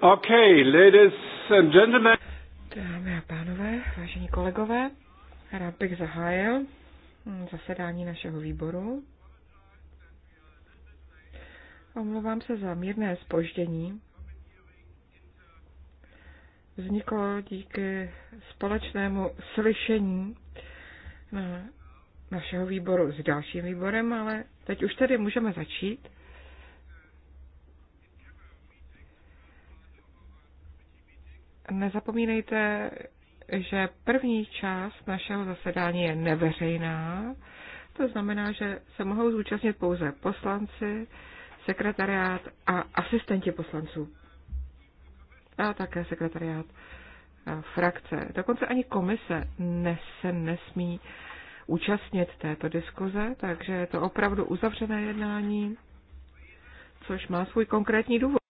Okay, ladies and gentlemen. Dámy a pánové, vážení kolegové, rád bych zahájil zasedání našeho výboru. Omlouvám se za mírné spoždění. Vzniklo díky společnému slyšení na našeho výboru s dalším výborem, ale teď už tedy můžeme začít. nezapomínejte, že první část našeho zasedání je neveřejná. To znamená, že se mohou zúčastnit pouze poslanci, sekretariát a asistenti poslanců. A také sekretariát a frakce. Dokonce ani komise se nesmí účastnit této diskuze, takže je to opravdu uzavřené jednání, což má svůj konkrétní důvod.